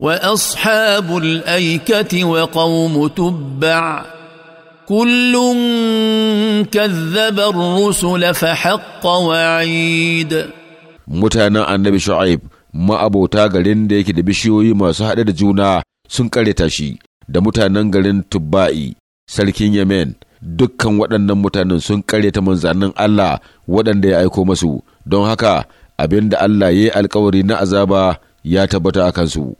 واصحاب الايكه وقوم تبع كل كذب الرسل فحق وعيد mutanen annabi shu'aib ma'abota garin da yake da bishiyoyi masu haɗa da juna sun kareta shi da mutanen garin tubba'i sarkin yemen dukkan waɗannan mutanen sun kareta manzannin allah waɗanda ya aiko masu don haka abin da allah ya yi alkawari na azaba ya tabbata a kansu